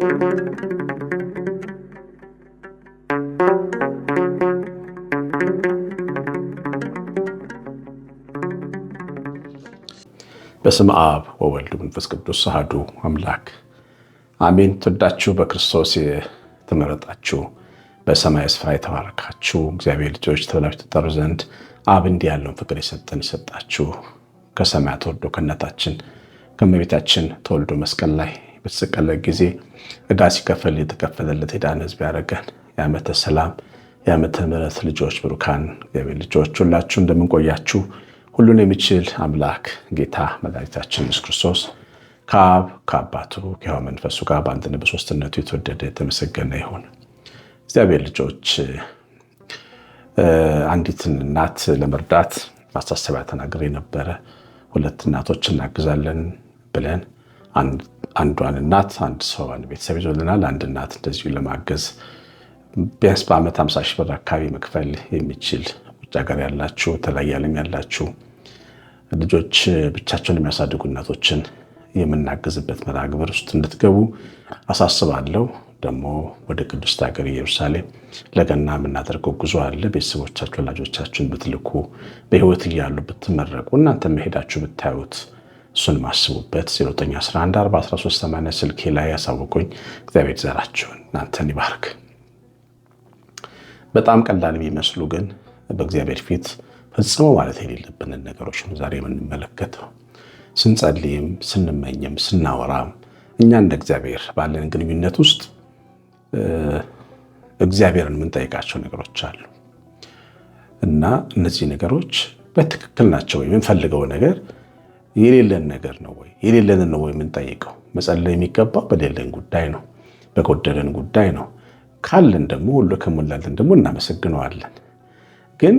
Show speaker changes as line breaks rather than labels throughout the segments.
በስም አብ ወወልድ መንፈስ ቅዱስ አህዱ አምላክ አሜን። ትወዳችሁ በክርስቶስ የተመረጣችሁ በሰማይ ስፍራ የተባረካችሁ እግዚአብሔር ልጆች ተብላችሁ ትጠሩ ዘንድ አብ እንዲህ ያለውን ፍቅር የሰጠን የሰጣችሁ ከሰማያት ወርዶ ከእናታችን ከእመቤታችን ተወልዶ መስቀል ላይ በተሰቀለ ጊዜ እዳ ሲከፈል የተከፈለለት የዳን ህዝብ ያደረገን የዓመተ ሰላም የዓመተ ምሕረት ልጆች ብሩካን እግዚአብሔር ልጆች ሁላችሁ እንደምንቆያችሁ ሁሉን የሚችል አምላክ ጌታ መድኃኒታችን ኢየሱስ ክርስቶስ ከአብ ከአባቱ ከሕያው መንፈሱ ጋር በአንድነ በሶስትነቱ የተወደደ የተመሰገነ ይሁን። እግዚአብሔር ልጆች አንዲትን እናት ለመርዳት ማሳሰቢያ ተናግሬ ነበረ። ሁለት እናቶች እናግዛለን ብለን አንድ አንዷን እናት አንድ ሰው ቤተሰብ ይዞልናል። አንድ እናት እንደዚሁ ለማገዝ ቢያንስ በዓመት 50 ሺህ ብር አካባቢ መክፈል የሚችል ውጭ ሀገር ያላችሁ ተለያየ ዓለም ያላችሁ ልጆች ብቻቸውን የሚያሳድጉ እናቶችን የምናግዝበት መርሃ ግብር ውስጥ እንድትገቡ አሳስባለሁ። ደግሞ ወደ ቅድስት ሀገር ኢየሩሳሌም ለገና የምናደርገው ጉዞ አለ። ቤተሰቦቻችሁ ወላጆቻችሁን ብትልኩ በህይወት እያሉ ብትመረቁ እናንተ መሄዳችሁ ብታዩት እሱንም አስቡበት። 09114138 ስልኬ ላይ ያሳውቁኝ። እግዚአብሔር ዘራችሁን እናንተን ይባርክ። በጣም ቀላል የሚመስሉ ግን በእግዚአብሔር ፊት ፈጽሞ ማለት የሌለብንን ነገሮች ነው ዛሬ የምንመለከተው። ስንጸልይም፣ ስንመኝም፣ ስናወራም እኛ እንደ እግዚአብሔር ባለን ግንኙነት ውስጥ እግዚአብሔርን የምንጠይቃቸው ነገሮች አሉ እና እነዚህ ነገሮች በትክክል ናቸው የምንፈልገው ነገር የሌለን ነገር ነው ወይ? የሌለን ነው ወይ የምንጠይቀው? መጸለይ የሚገባ በሌለን ጉዳይ ነው፣ በጎደለን ጉዳይ ነው። ካለን ደግሞ ሁሉ ከሞላለን ደግሞ እናመሰግነዋለን። ግን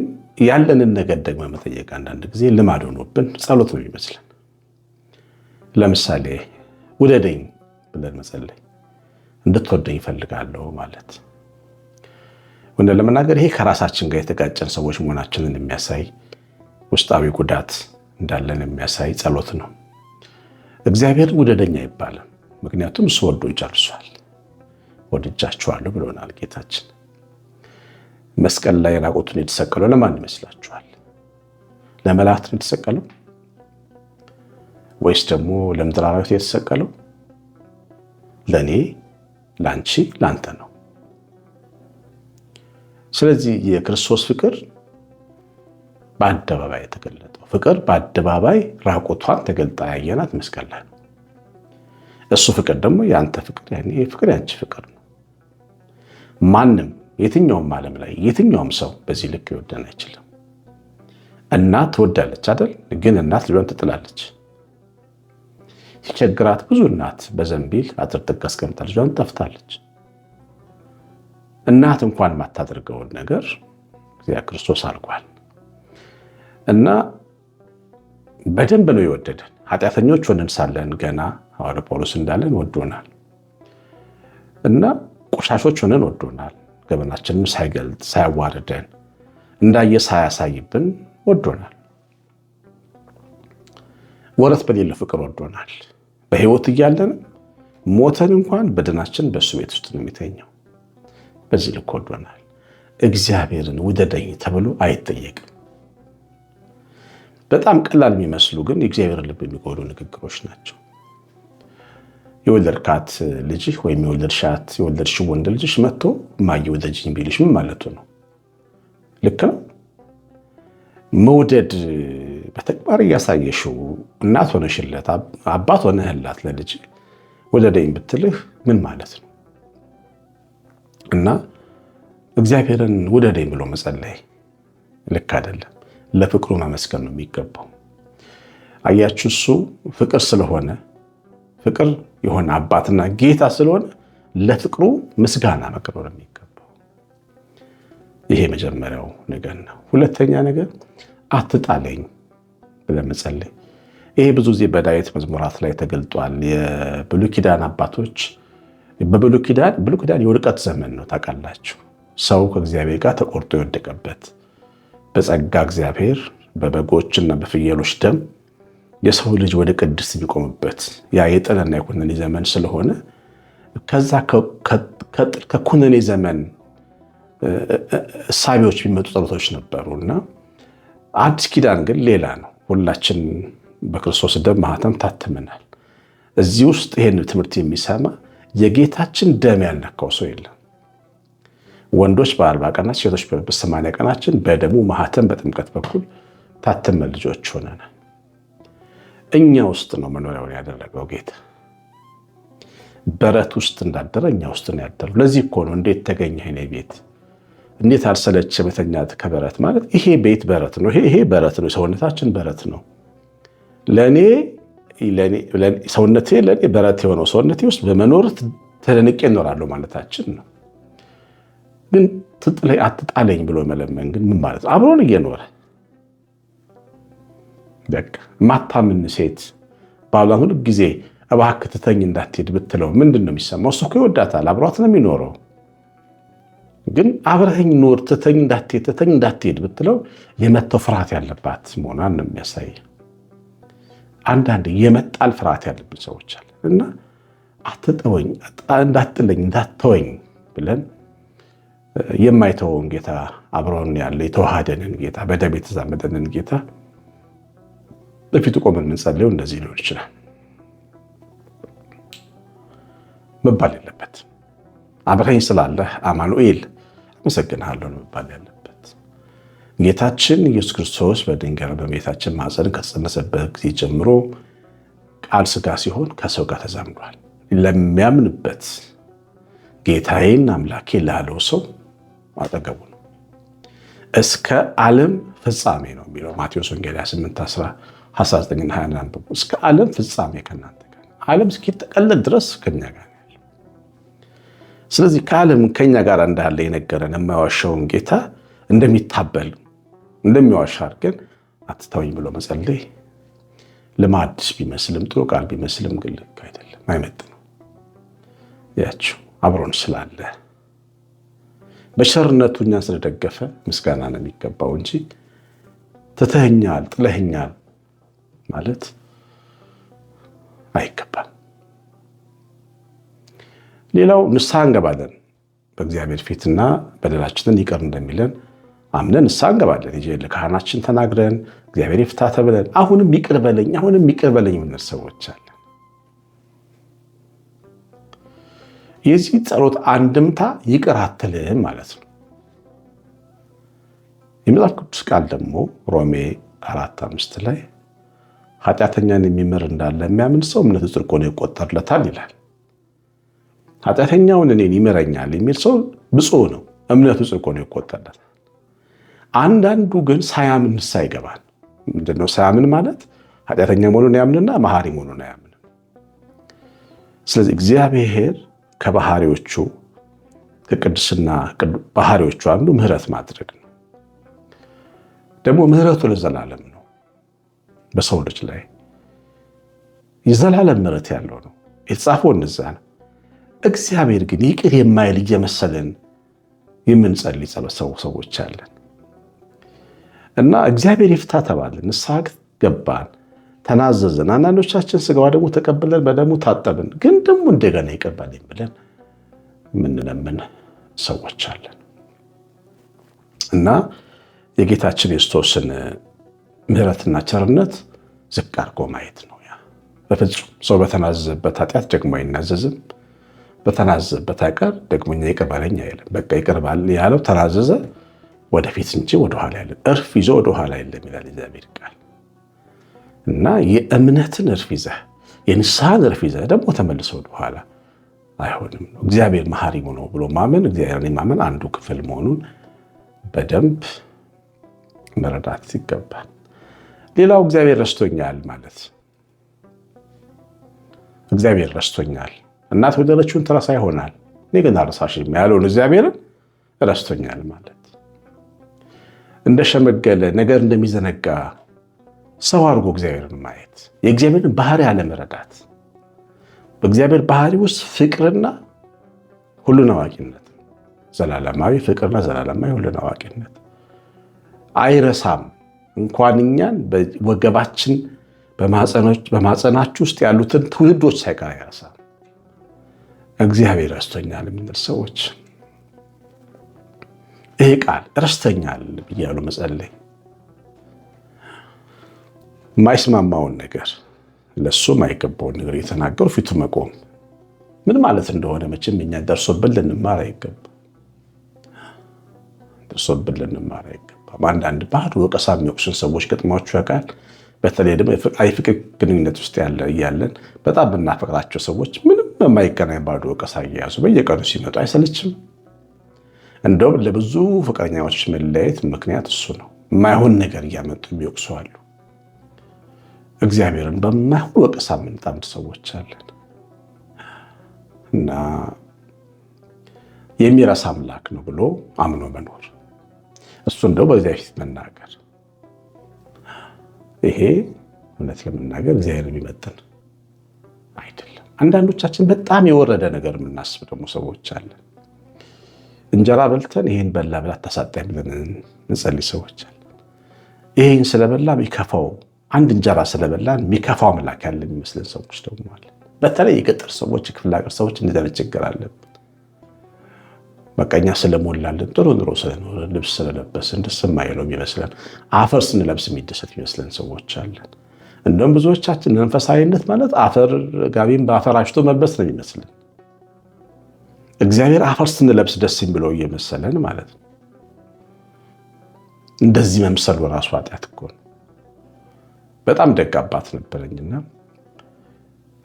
ያለንን ነገር ደግሞ መጠየቅ አንዳንድ ጊዜ ልማድ ሆኖብን ጸሎት ነው ይመስለን። ለምሳሌ ውደደኝ ብለን መጸለይ እንድትወደኝ ይፈልጋለሁ ማለት ወንደ ለመናገር ይሄ ከራሳችን ጋር የተጋጨን ሰዎች መሆናችንን የሚያሳይ ውስጣዊ ጉዳት እንዳለን የሚያሳይ ጸሎት ነው። እግዚአብሔር ውደደኛ ይባላል። ምክንያቱም እሱ ወዶ ይጨርሷል። ወድጃችኋለሁ ብሎናል ጌታችን። መስቀል ላይ ራቁቱን የተሰቀለው ለማን ይመስላችኋል? ለመላእክት ነው የተሰቀለው ወይስ ደግሞ ለምድር አራዊት የተሰቀለው? ለእኔ ለአንቺ፣ ለአንተ ነው። ስለዚህ የክርስቶስ ፍቅር በአደባባይ የተገለጠው ፍቅር በአደባባይ ራቁቷን ተገልጣ ያየናት መስቀል ላይ ነው። እሱ ፍቅር ደግሞ የአንተ ፍቅር፣ ፍቅር ያንቺ ፍቅር ነው። ማንም የትኛውም ዓለም ላይ የትኛውም ሰው በዚህ ልክ ሊወደን አይችልም። እናት ትወዳለች አይደል? ግን እናት ልጇን ትጥላለች። ሲቸግራት ብዙ እናት በዘንቢል አጥር ጥግ አስቀምጣ ልጇን ጠፍታለች። እናት እንኳን ማታደርገውን ነገር ክርስቶስ አድርጓል። እና በደንብ ነው የወደደን። ኃጢአተኞች ሆነን ሳለን ገና ሐዋርያ ጳውሎስ እንዳለን ወዶናል እና ቆሻሾች ሆነን ወዶናል። ገበናችንም ሳይገልጥ ሳያዋርደን እንዳየ ሳያሳይብን ወዶናል። ወረት በሌለ ፍቅር ወዶናል። በህይወት እያለን ሞተን እንኳን በደናችን በእሱ ቤት ውስጥ ነው የሚተኘው። በዚህ ልክ ወዶናል። እግዚአብሔርን ውደደኝ ተብሎ አይጠየቅም። በጣም ቀላል የሚመስሉ ግን የእግዚአብሔር ልብ የሚጎዱ ንግግሮች ናቸው። የወለድካት ልጅህ ወይም የወለድሻት የወለድሽው ወንድ ልጅሽ መጥቶ እማዬ ውደጂኝ ቢልሽ ምን ማለቱ ነው? ልክ ነው? መውደድ በተግባር እያሳየሽው እናት ሆነሽለት አባት ሆነህላት ለልጅ ወደደኝ ብትልህ ምን ማለት ነው? እና እግዚአብሔርን ውደደኝ ብሎ መጸለይ ልክ አይደለም። ለፍቅሩ መመስገን ነው የሚገባው። አያችሁ፣ እሱ ፍቅር ስለሆነ ፍቅር የሆነ አባትና ጌታ ስለሆነ ለፍቅሩ ምስጋና መቅረብ ነው የሚገባው። ይሄ መጀመሪያው ነገር ነው። ሁለተኛ ነገር አትጣለኝ ብለህ መጸለይ። ይሄ ብዙ ጊዜ በዳዊት መዝሙራት ላይ ተገልጧል። የብሉይ ኪዳን አባቶች በብሉይ ኪዳን ብሉይ ኪዳን የውድቀት ዘመን ነው ታውቃላችሁ። ሰው ከእግዚአብሔር ጋር ተቆርጦ የወደቀበት በጸጋ እግዚአብሔር በበጎችና በፍየሎች ደም የሰው ልጅ ወደ ቅድስት የሚቆምበት ያ የጥልና የኩነኔ ዘመን ስለሆነ ከዛ ከኩነኔ ዘመን እሳቢዎች የሚመጡ ጸሎቶች ነበሩ እና አዲስ ኪዳን ግን ሌላ ነው። ሁላችን በክርስቶስ ደም ማህተም ታትመናል። እዚህ ውስጥ ይህን ትምህርት የሚሰማ የጌታችን ደም ያልነካው ሰው የለም። ወንዶች በአርባ ቀናት ሴቶች በሰማንያ ቀናችን በደሙ ማህተም በጥምቀት በኩል ታትመን ልጆች ሆነን እኛ ውስጥ ነው መኖሪያውን ያደረገው ጌታ። በረት ውስጥ እንዳደረ እኛ ውስጥ ነው ያደረው። ለዚህ እኮ ነው እንዴት ተገኘ የኔ ቤት እንዴት አልሰለች መተኛት ከበረት ማለት ይሄ ቤት በረት ነው። ይሄ በረት ነው። ሰውነታችን በረት ነው። ለእኔ ሰውነቴ ለእኔ በረት የሆነው ሰውነቴ ውስጥ በመኖር ተደንቄ እኖራለሁ ማለታችን ነው። ግን አትጣለኝ ብሎ መለመን ግን ምን ማለት ነው? አብሮን እየኖረ በቃ ማታምን ሴት ባሏን ሁል ጊዜ እባክህ ትተኝ እንዳትሄድ ብትለው ምንድን ነው የሚሰማው? እሱ እኮ ይወዳታል፣ አብሯት ነው የሚኖረው። ግን አብረኸኝ ኖር ትተኝ እንዳትሄድ ትተኝ እንዳትሄድ ብትለው የመተው ፍርሃት ያለባት መሆኗን ነው የሚያሳይ። አንዳንድ የመጣል ፍርሃት ያለብን ሰዎች አለ እና አትጠወኝ፣ እንዳትለኝ፣ እንዳትተወኝ ብለን የማይተወውን ጌታ አብሮን ያለ የተዋሃደንን ጌታ በደም የተዛመደንን ጌታ በፊቱ ቆመን የምንጸልየው እንደዚህ ሊሆን ይችላል መባል የለበት። አብረኝ ስላለህ አማኑኤል አመሰግንሃለሁ መባል ያለበት ጌታችን ኢየሱስ ክርስቶስ በድንገር በቤታችን ማፀን ከተጸነሰበት ጊዜ ጀምሮ ቃል ስጋ ሲሆን ከሰው ጋር ተዛምዷል። ለሚያምንበት ጌታዬን አምላኬ ላለው ሰው አጠገቡ ነው። እስከ ዓለም ፍጻሜ ነው የሚለው ማቴዎስ ወንጌል 8 819 እስከ ዓለም ፍጻሜ ከእናንተ ጋር ዓለም እስኪጠቀለል ድረስ ከኛ ጋር ያለ። ስለዚህ ከዓለም ከኛ ጋር እንዳለ የነገረን የማይዋሻውን ጌታ እንደሚታበል እንደሚዋሻ አድርገን አትተወኝ ብሎ መጸለይ ልማድስ ቢመስልም ጥሩ ቃል ቢመስልም ግን ልክ አይደለም፣ ነው ያቸው አብሮን ስላለ በቸርነቱ እኛን ስለደገፈ ምስጋና ነው የሚገባው እንጂ ትተኸኛል፣ ጥለኸኛል ማለት አይገባም። ሌላው ንስሐ እንገባለን። በእግዚአብሔር ፊትና በደላችንን ይቅር እንደሚለን አምነን ንስሐ እንገባለን። ይ ለካህናችን ተናግረን እግዚአብሔር ይፍታ ተብለን አሁንም ይቅር በለኝ አሁንም ይቅር በለኝ የምንል ሰዎች አለ የዚህ ጸሎት አንድምታ ይቅር አትልም ማለት ነው። የመጽሐፍ ቅዱስ ቃል ደግሞ ሮሜ አራት አምስት ላይ ኃጢአተኛን የሚምር እንዳለ የሚያምን ሰው እምነቱ ጽድቅ ሆኖ ይቆጠርለታል ይላል። ኃጢአተኛውን እኔን ይምረኛል የሚል ሰው ብፁዕ ነው፣ እምነቱ ጽድቅ ሆኖ ይቆጠርለታል። አንዳንዱ ግን ሳያምን ንስሐ ይገባል። ምንድነው ሳያምን ማለት? ኃጢአተኛ መሆኑን ያምንና መሐሪ መሆኑን አያምንም። ስለዚህ እግዚአብሔር ከባህሪዎቹ ከቅድስና ባህሪዎቹ አንዱ ምህረት ማድረግ ነው። ደግሞ ምህረቱ ለዘላለም ነው። በሰው ልጅ ላይ የዘላለም ምህረት ያለው ነው። የተጻፈው እንዛ ነው። እግዚአብሔር ግን ይቅር የማይል እየመሰለን የምንጸል ሰው ሰዎች አለን እና እግዚአብሔር ይፍታ ተባልን፣ ንስሐ ገባን። ተናዘዝን። አንዳንዶቻችን ስጋዋ ደግሞ ተቀብለን በደሙ ታጠብን፣ ግን ደግሞ እንደገና ይቀባልኝ ብለን የምንለምን ሰዎች አለን እና የጌታችን የክርስቶስን ምሕረትና ቸርነት ዝቅ አድርጎ ማየት ነው። ያ በፍጹም ሰው በተናዘዘበት ኃጢአት ደግሞ አይናዘዝም። በተናዘዘበት አቀር ደግሞ እኛ ይቅርባለኝ አይልም። በቃ ይቅርባል ያለው ተናዘዘ ወደፊት እንጂ ወደኋላ ያለ እርፍ ይዞ ወደኋላ አይልም ይላል እግዚአብሔር እና የእምነትን እርፍ ይዘህ የንስሐን እርፍ ይዘህ ደግሞ ተመልሶ ወደኋላ አይሆንም ነው። እግዚአብሔር መሐሪሙ ነው ብሎ ማመን እግዚአብሔርን ማመን አንዱ ክፍል መሆኑን በደንብ መረዳት ይገባል። ሌላው እግዚአብሔር ረስቶኛል ማለት እግዚአብሔር ረስቶኛል፣ እናት ወለደችውን ትረሳ ይሆናል፣ እኔ ግን አልረሳሽም ያለውን እግዚአብሔርን ረስቶኛል ማለት እንደሸመገለ ነገር እንደሚዘነጋ ሰው አድርጎ እግዚአብሔርን ማየት፣ የእግዚአብሔርን ባህሪ አለመረዳት፣ በእግዚአብሔር ባህሪ ውስጥ ፍቅርና ሁሉን አዋቂነት፣ ዘላለማዊ ፍቅርና ዘላለማዊ ሁሉን አዋቂነት አይረሳም። እንኳን እኛን ወገባችን በማፀናችሁ ውስጥ ያሉትን ትውልዶች ሳይቀር አይረሳም። እግዚአብሔር ረስቶኛል የምንል ሰዎች ይህ ቃል ረስተኛል ብያሉ መጸለይ የማይስማማውን ነገር ለሱ የማይገባውን ነገር እየተናገሩ ፊቱ መቆም ምን ማለት እንደሆነ መቼም እኛ ደርሶብን ልንማር አይገባ ደርሶብን ልንማር አይገባም። አንዳንድ ባህል ወቀሳ የሚወቅሱን ሰዎች ገጥሟችሁ ያውቃል? በተለይ ደግሞ የፍቅር ግንኙነት ውስጥ እያለን በጣም የምናፈቅራቸው ሰዎች ምንም የማይገናኝ ባዶ ወቀሳ እየያዙ በየቀኑ ሲመጡ አይሰለችም? እንደውም ለብዙ ፍቅረኛዎች መለያየት ምክንያት እሱ ነው። የማይሆን ነገር እያመጡ የሚወቅሱ አሉ። እግዚአብሔርን በማይሆን ወቀሳ የምንጣምድ ሰዎች አለን እና የሚረሳ አምላክ ነው ብሎ አምኖ መኖር እሱ እንደው በዚያ ፊት መናገር ይሄ እውነት ለመናገር እግዚአብሔር የሚመጥን አይደለም። አንዳንዶቻችን በጣም የወረደ ነገር የምናስብ ደግሞ ሰዎች አለን። እንጀራ በልተን ይህን በላ ብላ አታሳጣኝ ብለን እንጸልይ ሰዎች አለን። ይህን ስለበላ ይከፋው አንድ እንጀራ ስለበላን የሚከፋው አምላክ ያለ የሚመስለን ሰዎች ደግሞ አለ። በተለይ የገጠር ሰዎች፣ የክፍለ ሀገር ሰዎች እንደዚህ ዓይነት ችግር አለብን። በቀኛ ስለሞላልን ጥሩ ኑሮ ስለኖረ ልብስ ስለለበስን ደስ የማይለው የሚመስለን፣ አፈር ስንለብስ የሚደሰት የሚመስለን ሰዎች አለን። እንደውም ብዙዎቻችን መንፈሳዊነት ማለት አፈር ጋቢም በአፈር አሽቶ መልበስ ነው የሚመስለን። እግዚአብሔር አፈር ስንለብስ ደስ የሚለው እየመሰለን ማለት ነው። እንደዚህ መምሰል በራሱ ኃጢአት እኮ ነው። በጣም ደግ አባት ነበረኝና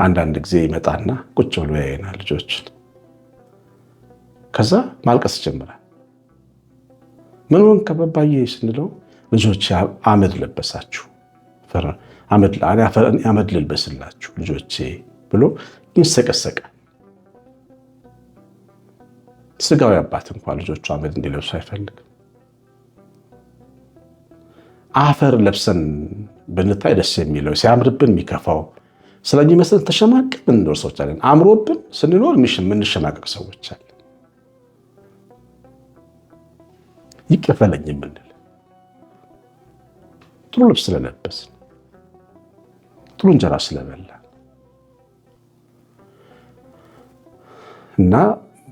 አንዳንድ ጊዜ ይመጣና ቁጭ ብሎ ያየናል ልጆችን። ከዛ ማልቀስ ጀምራል። ምን ሆን ስንለው ልጆች አመድ ለበሳችሁ፣ አመድ ልልበስላችሁ ልጆቼ ብሎ ይሰቀሰቀ። ስጋዊ አባት እንኳን ልጆቹ አመድ እንዲለብሱ አይፈልግም። አፈር ለብሰን ብንታይ ደስ የሚለው ሲያምርብን የሚከፋው ስለሚመስለን ተሸማቅ ምንኖር ሰዎች አለን። አምሮብን ስንኖር የምንሸማቀቅ ሰዎች አለን። ይቀፈለኝ የምንል ጥሩ ልብስ ስለለበስን፣ ጥሩ እንጀራ ስለበላ እና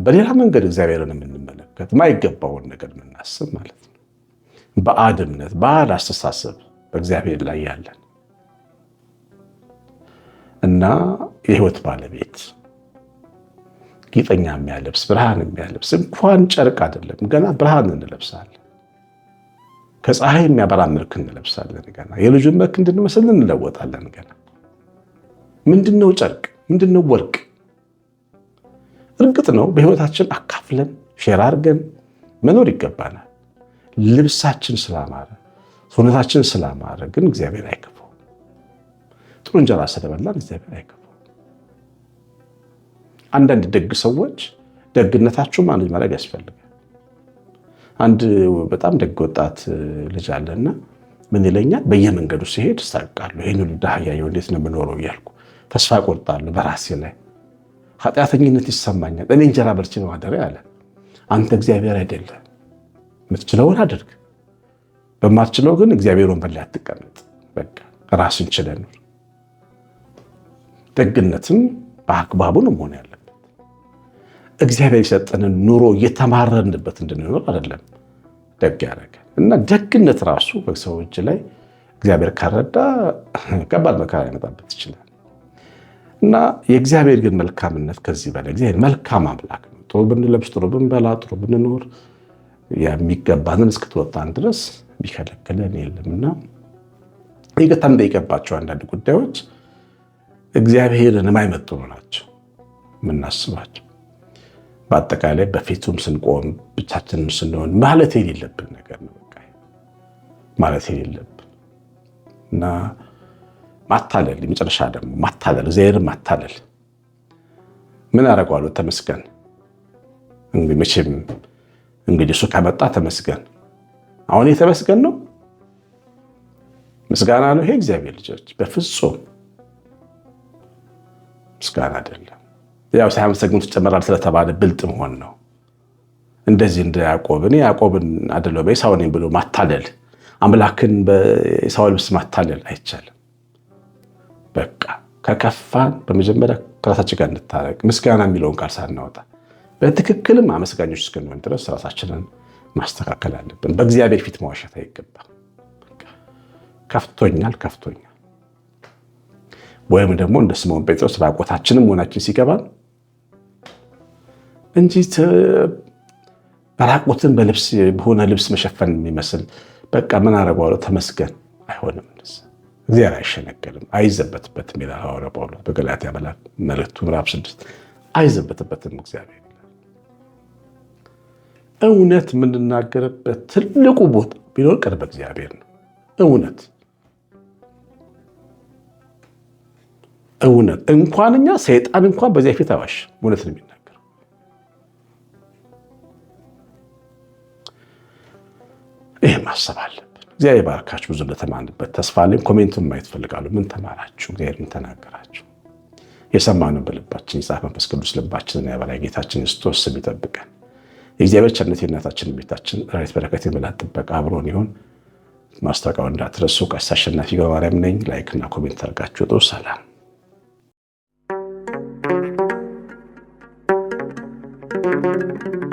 በሌላ መንገድ እግዚአብሔርን የምንመለከት ማይገባውን ነገር የምናስብ ማለት ነው። ባዕድ እምነት፣ ባዕድ አስተሳሰብ በእግዚአብሔር ላይ ያለን እና የህይወት ባለቤት ጌጠኛ የሚያለብስ ብርሃን የሚያለብስ እንኳን ጨርቅ አይደለም፣ ገና ብርሃን እንለብሳለን። ከፀሐይ የሚያበራ መልክ እንለብሳለን። ገና የልጁን መልክ እንድንመስል እንለወጣለን። ገና ምንድነው ጨርቅ? ምንድነው ወርቅ? እርግጥ ነው በህይወታችን አካፍለን ሼር አድርገን መኖር ይገባናል። ልብሳችን ስላማረ፣ ሰውነታችን ስላማረ ግን እግዚአብሔር አይከፋውም። ጥሩ እንጀራ ስለበላን እግዚአብሔር አይከፋውም። አንዳንድ ደግ ሰዎች ደግነታቸውም አንድ ማድረግ ያስፈልጋል። አንድ በጣም ደግ ወጣት ልጅ አለና ምን ይለኛል፣ በየመንገዱ ሲሄድ እሳቃለሁ። ይህን ሁሉ ድሃ እያየሁ እንዴት ነው የምኖረው እያልኩ ተስፋ ቆርጣለሁ በራሴ ላይ ኃጢአተኝነት ይሰማኛል። እኔ እንጀራ በልቼ ነው ማደሪያ አለ። አንተ እግዚአብሔር አይደለም የምትችለውን አድርግ፣ በማትችለው ግን እግዚአብሔር ወንበር ላይ አትቀመጥ። በቃ ራስን ችለን ደግነትም በአግባቡ ነው መሆን ያለበት። እግዚአብሔር የሰጠንን ኑሮ እየተማረንበት እንድንኖር አይደለም ደግ ያደረገ እና ደግነት ራሱ በሰው እጅ ላይ እግዚአብሔር ካረዳ ከባድ መከራ ሊመጣበት ይችላል እና የእግዚአብሔር ግን መልካምነት ከዚህ በላይ እግዚአብሔር መልካም አምላክ ነው። ጥሩ ብንለብስ፣ ጥሩ ብንበላ፣ ጥሩ ብንኖር የሚገባንን እስክትወጣን ድረስ ቢከለክለን የለምና ይቅርታ እንጠይቅባቸው አንዳንድ ጉዳዮች እግዚአብሔርን የማይመጥኑ ናቸው የምናስባቸው። በአጠቃላይ በፊቱም ስንቆም ብቻችንም ስንሆን ማለት የሌለብን ነገር ነው። ማለት የሌለብን እና ማታለል የመጨረሻ ደግሞ ማታለል እግዚአብሔር ማታለል ምን አደረገዋለሁ? ተመስገን እንግዲህ መቼም እንግዲህ እሱ ከመጣ ተመስገን። አሁን የተመስገን ነው ምስጋና ነው ይሄ። እግዚአብሔር ልጆች በፍጹም ምስጋና አይደለም። ያው ሳያመሰግኑት ጨመራል ስለተባለ ብልጥ መሆን ነው። እንደዚህ እንደ ያዕቆብ እኔ ያዕቆብን አይደለሁ ነኝ ብሎ ማታለል፣ አምላክን በኢሳው ልብስ ማታለል አይቻልም። በቃ ከከፋን በመጀመሪያ ከራሳችን ጋር እንታረቅ፣ ምስጋና የሚለውን ቃል ሳናወጣ በትክክልም አመስጋኞች እስክንሆን ድረስ ራሳችንን ማስተካከል አለብን። በእግዚአብሔር ፊት መዋሸት አይገባም። ከፍቶኛል ከፍቶኛል፣ ወይም ደግሞ እንደ ስምዖን ጴጥሮስ ራቆታችንም መሆናችን ሲገባን እንጂ ራቆትን በልብስ በሆነ ልብስ መሸፈን የሚመስል በቃ ምን አረጓሎ ተመስገን አይሆንም። እግዚአብሔር አይሸነገልም፣ አይዘበትበትም ይላል ሐዋርያው ጳውሎስ በገላትያ መልእክቱ ምዕራፍ ስድስት አይዘበትበትም እግዚአብሔር እውነት የምንናገርበት ትልቁ ቦታ ቢኖር ቅርብ እግዚአብሔር ነው። እውነት እውነት እንኳን እኛ ሰይጣን እንኳን በዚያ ፊት አዋሽ እውነት ነው የሚናገር። ይህ ማሰብ አለብን። እግዚአብሔር ይባርካችሁ። ብዙ እንደተማንበት ተስፋ አለኝ። ኮሜንቱን ማየት ፈልጋሉ። ምን ተማራችሁ? እግዚአብሔር ምን ተናገራችሁ? የሰማነው በልባችን ይጻፍ። መንፈስ ቅዱስ ልባችንን ያበላይ። ጌታችን ክርስቶስ ስም ይጠብቀን። የእግዚአብሔር ቸርነት የእናታችን ቤታችን ራይት በረከት የመላት ጥበቃ አብሮን ይሁን። ማስታወቂያው እንዳትረሱ። ቀሲስ አሸናፊ ገብረማርያም ነኝ። ላይክና ኮሜንት አድርጋችሁ ጥሩ ሰላም Thank you.